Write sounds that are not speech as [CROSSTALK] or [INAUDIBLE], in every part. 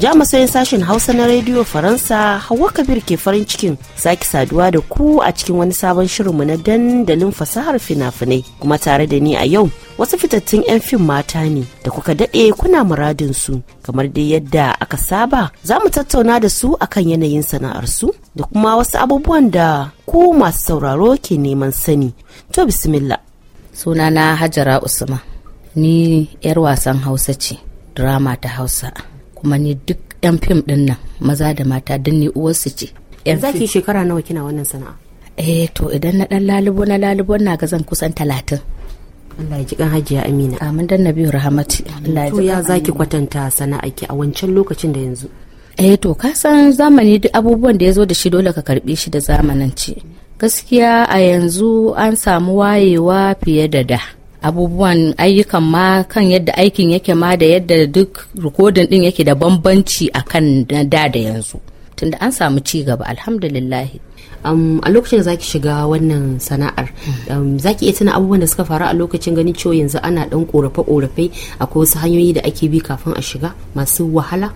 ja masoyin sashen hausa na rediyo faransa hauwa kabir ke farin cikin sake saduwa da ku a cikin wani sabon shirinmu na dandalin fasahar fina-finai kuma tare da ni a yau wasu fitattun 'yan fim mata ne da kuka daɗe kuna muradin su kamar dai yadda aka saba za mu tattauna da su akan yanayin sana'arsu da kuma wasu abubuwan da ku masu sauraro ke neman sani to suna sunana hajara usman ni 'yar wasan hausa ce drama ta hausa kuma ni duk yan fim din nan maza da mata duk ni uwarsu ce zaki shekara nawa kina wannan sana'a eh to idan na dan lalubo na lalubo na ga zan kusan talatin Allah ya ji kan hajiya Amina. Amin dan Nabiyu Rahmat. Allah ya ji. To ya zaki kwatanta ki a wancan lokacin da yanzu? Eh to ka san zamani duk abubuwan da ya zo da shi dole ka karbe shi da zamanin ci. Gaskiya a yanzu an samu wayewa fiye da da. abubuwan ayyukan ma kan yadda aikin yake ma da yadda duk rikodin din yake da bambanci a kan da da yanzu tunda an samu ci gaba alhamdulillah um, a lokacin zaki shiga wannan sana'ar um, zaki iya tuna abubuwan da suka faru a lokacin ganin cewa yanzu ana dan korafe korafe akwai wasu hanyoyi da ake bi kafin a shiga masu wahala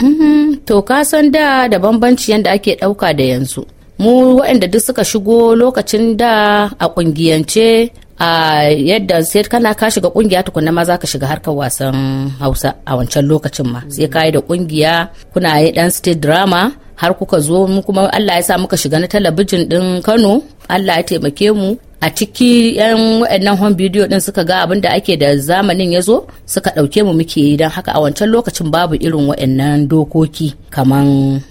mhm, to ka san da da bambanci yadda ake dauka da yanzu mu waɗanda duk suka shigo lokacin da a ƙungiyance a yadda sai kana ka shiga kungiya tukunna ma za ka shiga harkar wasan hausa a wancan lokacin ma sai ka yi da kungiya kuna yi dan state drama har kuka zo mu kuma Allah ya sa muka shiga na talabijin din Kano Allah ya taimake mu a ciki yan waɗannan home video din suka ga abin da ake da zamanin ya zo suka ɗauke mu muke yi don haka a wancan lokacin babu irin waɗannan dokoki kaman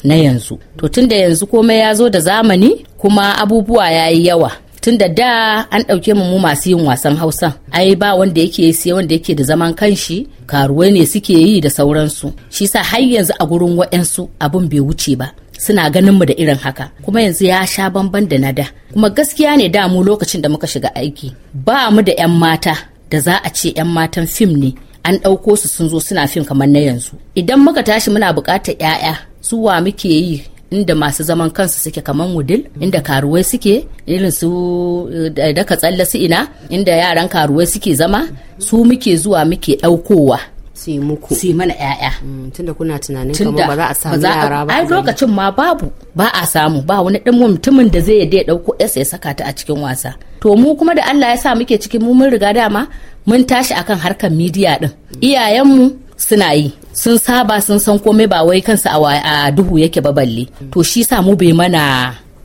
na yanzu to tunda yanzu komai ya zo da zamani kuma abubuwa ya yi yawa tun da da an ɗauke mu mu masu yin wasan hausa ai ba wanda yake sai wanda yake da zaman kanshi karuwai ne suke yi da sauransu shi sa har yanzu a gurin waɗansu abin bai wuce ba suna ganin mu da irin haka kuma yanzu ya sha bamban da na da kuma gaskiya ne da mu lokacin da muka shiga aiki ba mu da 'yan mata da za a ce 'yan matan fim ne an ɗauko su sun zo suna fim kamar na yanzu idan muka tashi muna buƙatar 'ya'ya zuwa muke yi inda masu zaman kansu suke kaman wudil inda karuwai suke irin su eh, daka tsalle su ina inda yaran karuwai suke zama su muke zuwa muke ɗaukowa sai muku mana yaya mm, tunda kuna tunanin kamar ba za a samu yara ba ai lokacin ma babu ba a samu ba wani dan mutumin da zai yadda ya dauko ya saka ta a cikin wasa to mu kuma da Allah ya sa muke cikin mu mun riga dama mun tashi akan harkar midiya din iyayenmu suna yi sun saba sun san komai ba wai kansu a duhu yake ba balle to shi sa mu bai mana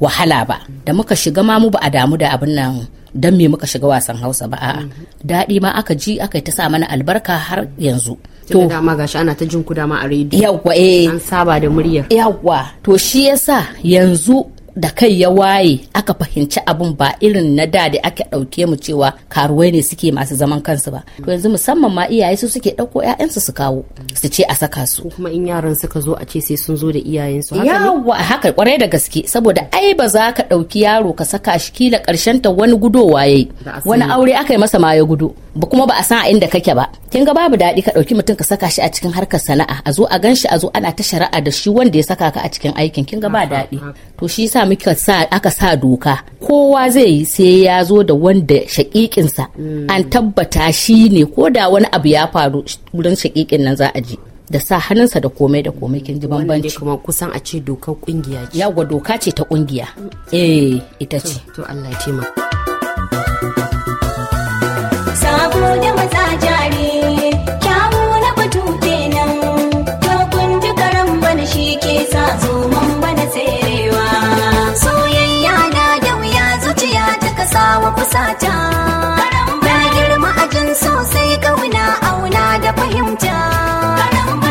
wahala ba da muka shiga ma mu ba a damu da abin nan don me muka shiga wasan hausa ba a'a daɗi ma aka ji aka ta sa mana albarka har yanzu to dama gashi ana ta jin ku dama a rediyo yawwa eh an saba da muryar yawwa to shi yasa yanzu da kai ya waye aka fahimci abun ba irin na da da aka ɗauke mu cewa karuwai ne suke masu zaman kansu ba to yanzu musamman ma iyaye su suke ɗauko ƴaƴansu su kawo su ce a saka su kuma in yaran suka zo a ce sai sun zo da iyayensu yawa haka kwarai da gaske saboda ai ba za ka ɗauki yaro ka saka shi kila karshen ta wani gudowa yayi wani aure aka yi masa ma ya gudo ba kuma ba a san a inda kake ba kin ga babu daɗi ka ɗauki mutum ka saka shi a cikin harkar sana'a a zo a gan shi a zo ana ta shari'a da shi wanda ya saka ka a cikin aikin kin ga ba daɗi to shi yasa muka sa aka sa doka kowa zai yi sai ya zo da wanda shakikinsa an tabbata shi ne ko da wani abu ya faru wurin shakikin nan za a ji da sa hannunsa da komai da komai kin ji bambanci kuma kusan a ce doka kungiya ce yawa doka ce ta kungiya eh ita ce to Allah ya taimaka sata na girma ajin sosai kauna auna da fahimta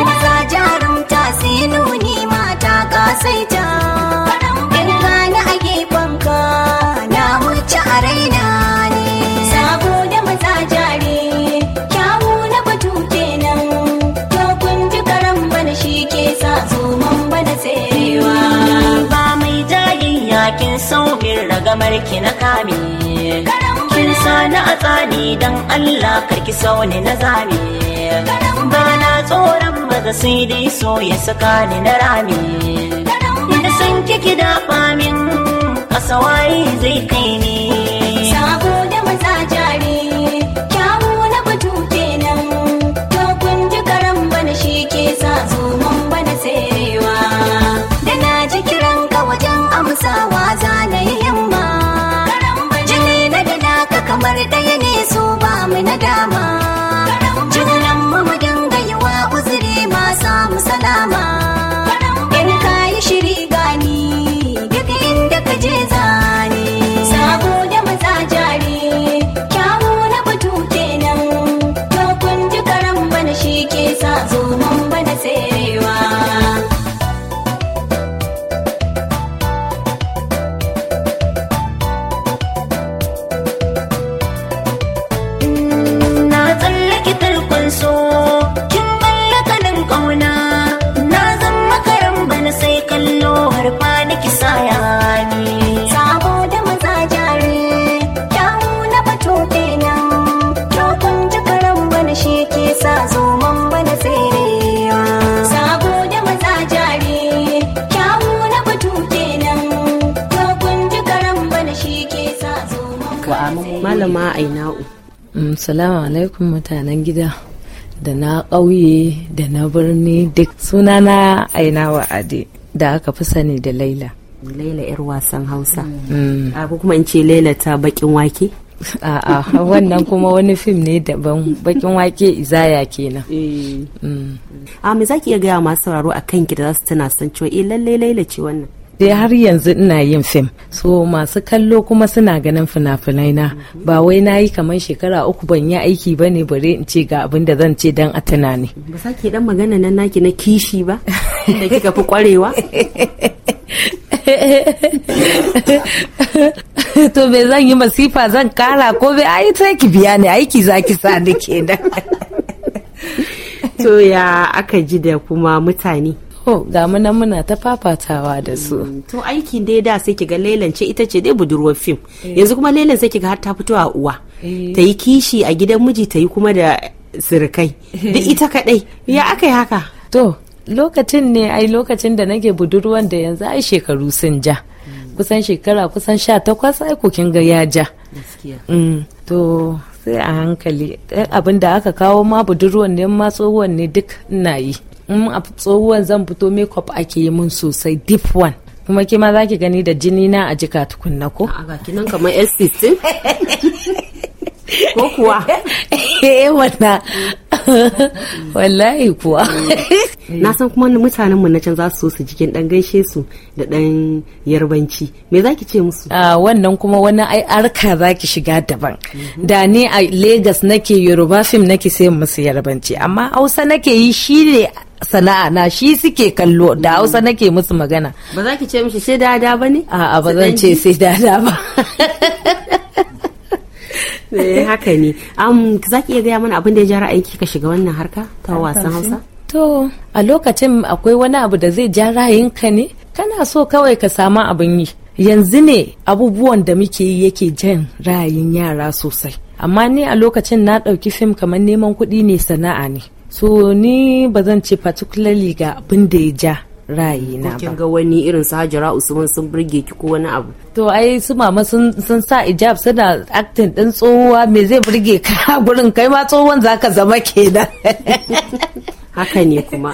maza jarumta sai nuni mata kasaita kamar ki na kame kin sani a tsani don Allah karki sauni na zame ba na tsoron maza sai dai so ya saka ni na rami. ina san kiki da famin kasawaye zai kai ni malama aina'u mm, salamu alaikum mutanen gida da na ƙauye da na birni duk suna aina ainawa ade da aka fi sani da laila laila yar wasan hausa mm. a ah, kuma in ce laila ta bakin wake a'a wannan kuma wani fim ne daban bakin wake izaya kenan eh. mm. a ah, me zaki iya gaya masu sauraro a kanki da za su tana san cewa eh lallai laila ce wannan dai har yanzu ina yin fim so masu kallo kuma suna ganin fina-finai na ba wai na yi kamar shekara uku ban yi aiki ba ne bare in ce ga abin da zan ce dan a tunani ba sa ke dan magana nan naki na kishi ba da kika fi kwarewa [LAUGHS] to me zan yi masifa zan kara ko bai ayi ta ki biya ne aiki zaki sa ni kenan [LAUGHS] to ya aka ji da kuma mutane Oh, ga muna muna ta fafatawa da su. Mm, to aikin dai da sai kiga Lailan ce ita ce dai budurwar fim. Eh. Yanzu kuma Lailan sai kiga har ta fito a uwa. Eh. Ta yi kishi a gidan miji ta yi kuma da sirikai. Duk eh. ita kadai. Ya aka yi haka? To, lokacin ne ai lokacin da nake budurwan da yanzu ai shekaru sun ja. Mm. Kusan shekara kusan sha takwas ai kukin ga ya ja. Mm, to, sai a hankali abin da aka kawo ma budurwan ne ma tsohuwan ne duk ina yi. in a tsohuwan zan fito makeup ake yi mun sosai deep one kuma kima za ki gani da jini na a jika tukunna ko a ga kinan kamar s ko kuwa [LAUGHS] eh wannan [LAUGHS] wallahi kuwa na san kuma mutanen mu na can za su so su jikin dan gaishe su da dan yarbanci me za ki ce musu a wannan kuma wani ai arka za ki shiga daban da ni a Lagos nake Yoruba film nake sai musu yarbanci amma Hausa nake yi shi ne sana'a na shi suke kallo da hmm. hausa nake musu magana ba za ki ce mishi sai dada ba ne a'a ba zan ce sai dada ba [LAUGHS] eh, haka ne za ki iya gaya mana abin da ya ja ra'ayinki ka shiga wannan harka ta wasan hausa to a lokacin akwai wani abu da zai ja ra'ayinka ne kana so kawai ka samu abin yi yanzu ne abubuwan da muke yi yake jan ra'ayin yara sosai amma ni a lokacin na ɗauki fim kamar neman kuɗi ne sana'a ne so ni ba zan ce particularly ga abin da ya ja na ba kin ga wani irin su Hajara Usman sun burge ki ko wani abu to ai su mama sun sa ijab suna aktin din tsohuwa me zai burge ka gurin kai ma tsohon ka zama kenan [LAUGHS] haka ne kuma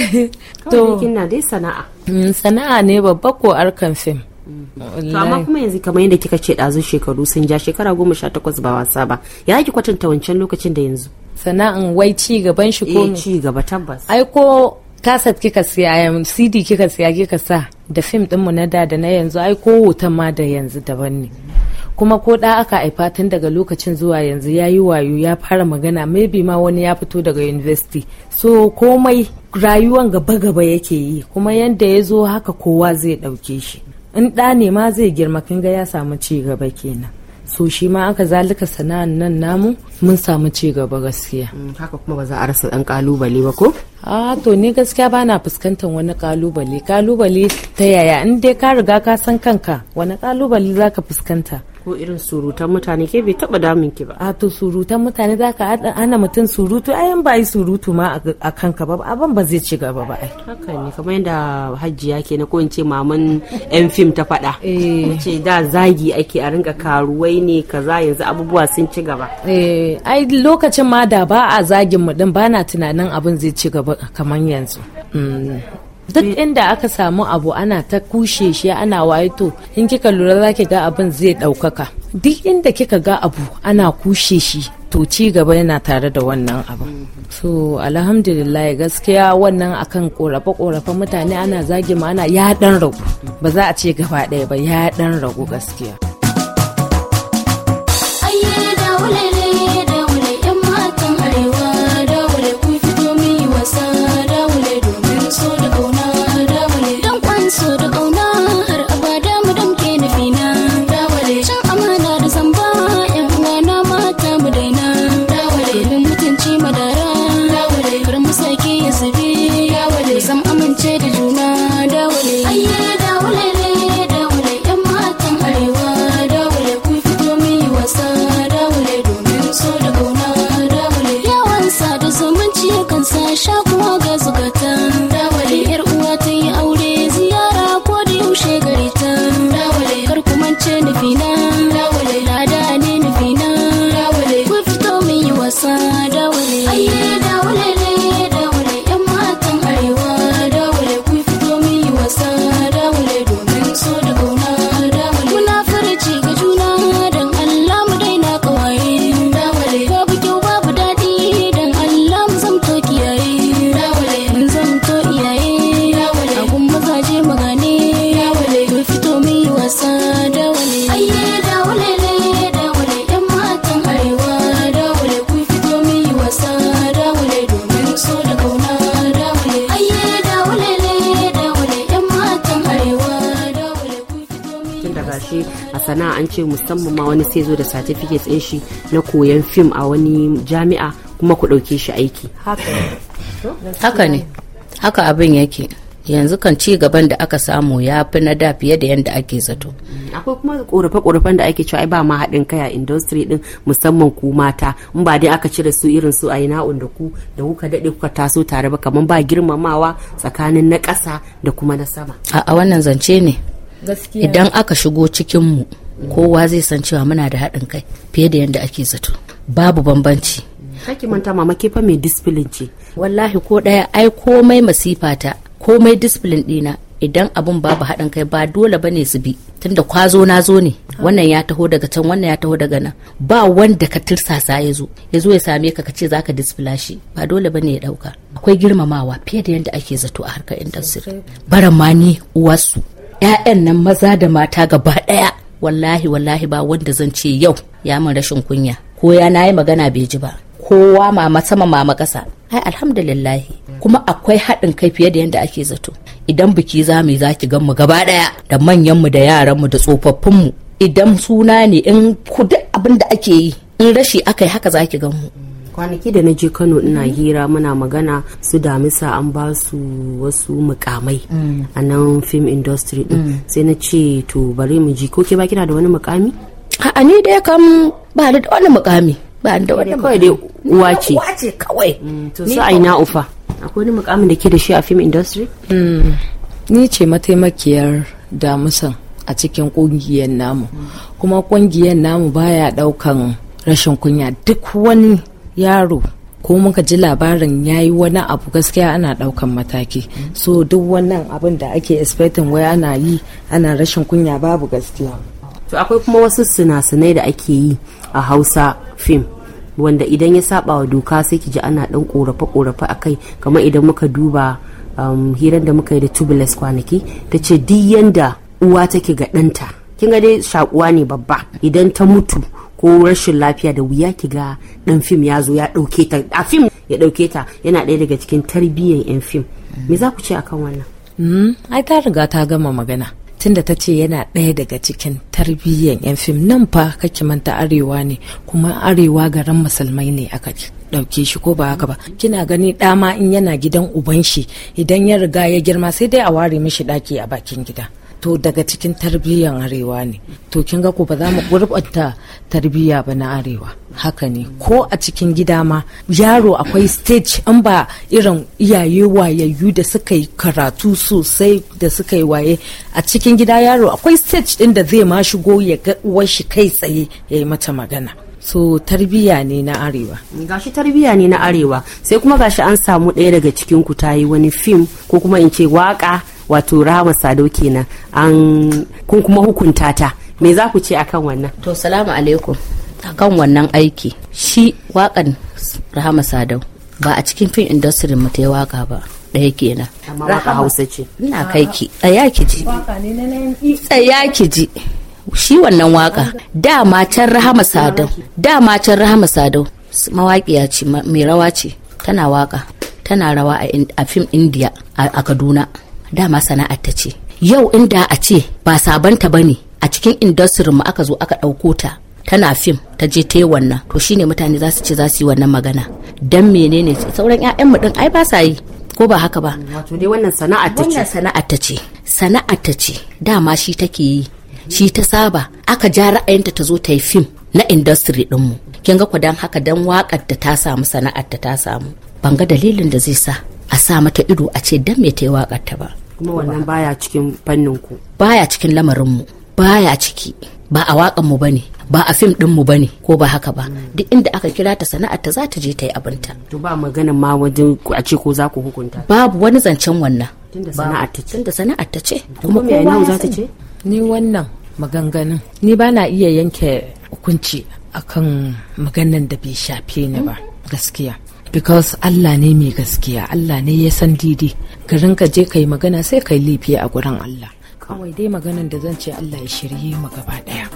[LAUGHS] to kin na dai sana'a mm, sana'a ne babba ko arkan fim Mm-hmm. to amma kuma yanzu kamar yadda kika ce ɗazu shekaru sun ja shekara goma sha takwas ba wasa ba ya ki kwatanta wancan lokacin da yanzu sana'an wai ci gaban shi ko eh, ci gaba tabbas ai ko kaset kika siya um, cd kika siya kika sa da fim ɗinmu na da da na yanzu ai ko hoton ma da yanzu daban ne kuma ko da aka haifa tun daga lokacin zuwa yanzu ya yi wayo ya fara magana maybe ma wani ya fito daga university so komai rayuwan gaba-gaba yake yi kuma yanda ya zo haka kowa zai ɗauke shi in ɗa ne ma zai girma kin ga ya samu ci gaba kenan so shi ma aka zalika sana'an nan namu mun samu ci gaba gaskiya mm, haka kuma ba za a rasa dan kalubale ba ko a to ni gaskiya ba na fuskantar wani kalubale kalubale ta yaya in dai ka riga ka san kanka wani kalubale zaka fuskanta ko irin surutan mutane ke bai taba damun ki ba surutan mutane za ka ana mutum surutu ayan ba yi surutu ma a kanka ba abin ba zai ci gaba ba haka ne kamar yadda hajjiya ke na ko maman yan fim ta faɗa eh. ce da zagi ake a rinka karuwai ne kaza yanzu abubuwa sun ci gaba eh ai lokacin ma da ba a zagin mu din na tunanin abin zai ci gaba kamar yanzu hmm. duk inda aka samu abu ana ta kushe shi ana waito in kika lura za ki ga abin zai ɗaukaka duk inda kika ga abu ana kushe shi to ci gaba yana tare da wannan abu so alhamdulillah gaskiya wannan akan korafe korafe mutane ana zagi ma ana ya dan ragu ba za a ce gaba ɗaya ba ya dan ragu gaskiya da far away. shi a sana'a an ce musamman ma wani sai zo da certificate din shi na koyan fim a wani jami'a kuma ku ɗauke shi aiki haka ne haka abin yake yanzu kan ci gaban da aka samu ya fi na da fiye da yadda ake zato. akwai kuma korafe-korafen da ake cewa ai ba ma haɗin kai a industry din musamman ku mata in ba dai aka cire su irin su a na'un da ku da kuka daɗe kuka taso tare ba kamar ba girmamawa tsakanin na ƙasa da kuma na sama. a wannan zance ne idan aka shigo cikinmu kowa zai san cewa muna da haɗin kai fiye da yadda ake zato babu bambanci kake manta mama ke fa mai discipline ce wallahi ko ɗaya ai komai masifa ta komai discipline ɗina idan abun babu haɗin kai ba dole bane su bi tunda kwazo na zo ne wannan ya taho daga can wannan ya taho daga nan ba wanda ka tirsasa ya zo ya zo ya same ka ka ce zaka disfila shi ba dole bane ya ɗauka. akwai girmamawa fiye da yadda ake zato a harkar industry baran ma ni uwarsu 'ya'yan nan maza da mata gaba ɗaya wallahi wallahi ba wanda zan ce yau ya min rashin kunya ko ya na yi magana bai ji ba kowa mama sama mama ƙasa ai alhamdulillahi kuma akwai haɗin kai fiye da yadda ake zato idan biki za mu za ki mu gaba ɗaya da manyanmu da yaranmu da tsofaffinmu idan suna ne in duk abin da ake yi in rashi aka yi haka za ki mu kwanaki da na je kano ina mm-hmm. hira muna magana su damisa an ba su wasu mukamai mm. a nan film industry din mm. sai na ce to bari mu ji ko ke ba kina da wani mukami a ni dai kam ba da wani mukami ba da wani kawai dai uwa ce uwa ce kawai mm, to sai ina ufa akwai wani mukamin da ke da shi a film industry ni ce mataimakiyar damisa a cikin kungiyar namu kuma kungiyar namu baya daukan rashin kunya duk wani yaro ko muka ji labarin ya yi wani abu gaskiya ana daukan mataki so duk wannan abin da ake expecting wai ana yi ana rashin kunya babu gaskiya to akwai kuma wasu sinasinai da ake yi a hausa fim wanda idan ya saba wa doka sai ki ji ana dan korafa a akai kamar idan muka duba um, hirar da muka yi da tubeless kwanaki ta ce duk yanda uwa take ga ɗanta kin ga dai shakuwa ne babba idan ta mutu ko rashin lafiya da wuya ki ga dan fim ya zo ya dauke ta a fim ya dauke ta yana ɗaya daga cikin tarbiyyar yan fim me za ku ce akan wannan hmm? ai ta riga ta gama magana tunda ta ce yana ɗaya daga cikin tarbiyyar 'yan fim nan fa kake manta arewa ne kuma arewa garin musulmai ne aka ɗauke shi ko ba haka ba kina gani dama in yana gidan uban shi idan ya riga ya girma sai dai a ware mishi ɗaki a bakin gida to daga cikin tarbiyyan arewa ne to kin ga ko ba za mu gurbanta tarbiyya ba na arewa haka ne ko a cikin gida ma yaro akwai stage an ba irin iyaye wayayyu da suka yi karatu sosai da suka yi waye a cikin gida yaro akwai stage din da zai ma shigo ya ga uwar shi kai tsaye ya yi mata magana so tarbiya ne na arewa gashi tarbiya ne na arewa sai kuma gashi an samu ɗaya daga cikin ku ta yi wani fim ko kuma in ce waka wato rawa sado kenan an kun kuma hukunta ta me za ku ce akan wannan to salamu alaikum akan wannan aiki shi wakan rahama sadau ba a cikin fim industry mu ta waka ba ɗaya kenan amma waka hausa ce ina kai ki tsaya ki ji tsaya ki ji shi wannan waka dama can rahama sadau dama can rahama sadau mawaƙiya ce mai rawa ce tana waka tana rawa a fim indiya a kaduna dama sana'ar ta ce yau inda a ce ba sabanta ba ne a cikin industry mu aka zo aka ɗauko ta tana fim ta je ta yi wannan to shine mutane za su ce za su yi wannan magana dan menene sauran 'ya'yan mu din ai ba sa yi ko ba haka ba wato dai wannan sana'a ta ce sana'ar ta ce sana'ar ta ce dama shi take yi shi ta saba aka ja ra'ayinta ta zo ta yi fim na industry mu. kin ga dan haka dan wakar da ta samu sana'ar ta ta samu ban ga dalilin da zai sa a sa mata ido a ce dan me ta yi wakar ta ba kuma wannan baya cikin fannin ku baya cikin lamarin mu baya ciki ba a waƙan mu bane ba a fim din mu bane ko ba haka ba duk inda aka kira ta sana'ar ta za ta je ta yi abinta to ba maganin ma wajen a ce ko za ku hukunta babu wani zancen wannan tunda sana'ar ta ce kuma sana'ar ta ce kuma za ta ce ni wannan maganganun ni ba na iya yanke hukunci akan maganan da bai shafe ni ba gaskiya because Allah ne mai gaskiya Allah ne ya san didi garin ka je kai magana sai kai lifi a gurin Allah kawai dai maganan da zan ce Allah ya shirye mu gaba daya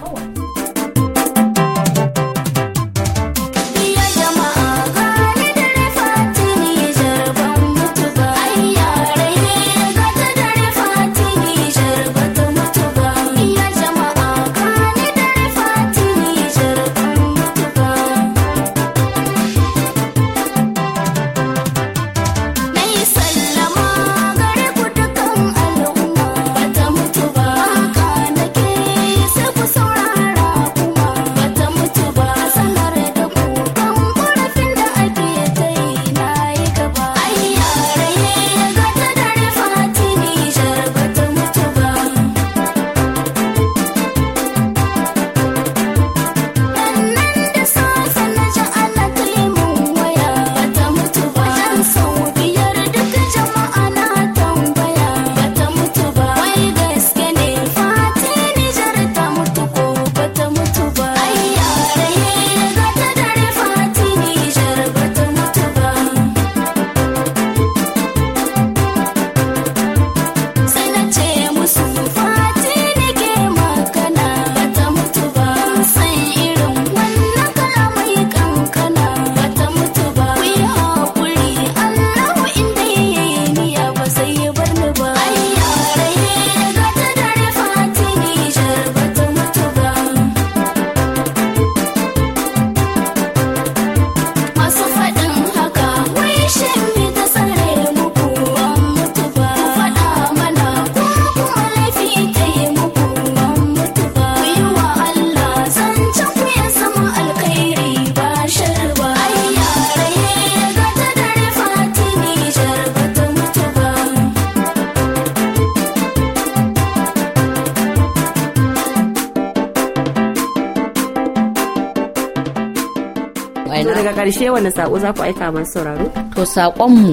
to daga karshe wani sako za ku aika masu sauraro to saƙonmu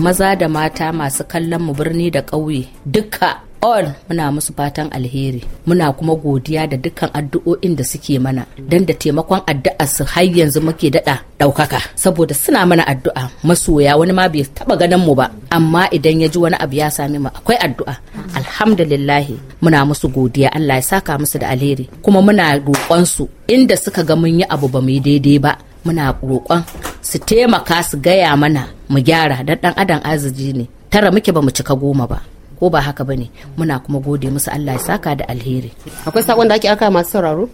maza da mata masu kallon mu birni da ƙauye duka all muna musu fatan alheri muna kuma godiya da dukkan addu'o'in da suke mana don da taimakon addu'a su har yanzu muke daɗa ɗaukaka saboda suna mana addu'a masoya wani ma bai taɓa ganin mu ba amma idan ya ji wani abu ya sami mu akwai addu'a alhamdulillahi muna musu godiya Allah ya saka musu da alheri kuma muna roƙon inda suka ga mun yi abu ba mu yi daidai ba muna roƙon su taimaka su gaya mana mu gyara dan dan adam arziki ne tara muke ba mu cika goma ba ko ba haka bane muna kuma gode musu Allah ya saka da alheri akwai sakon da ake aka masu sauraro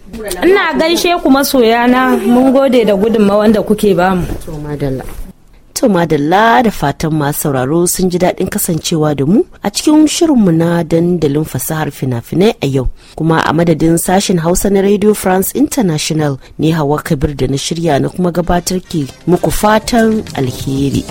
ina gaishe ku masoyana mun gode da gudunmawa wanda kuke bamu to madalla To madalla da fatan masu sauraro sun ji daɗin kasancewa da mu a cikin shirinmu na dandalin fasahar fina-finai a yau. Kuma a madadin sashen Hausa na Radio France International ne Hawa Kabir da na shirya na kuma gabatar ke muku fatan alheri.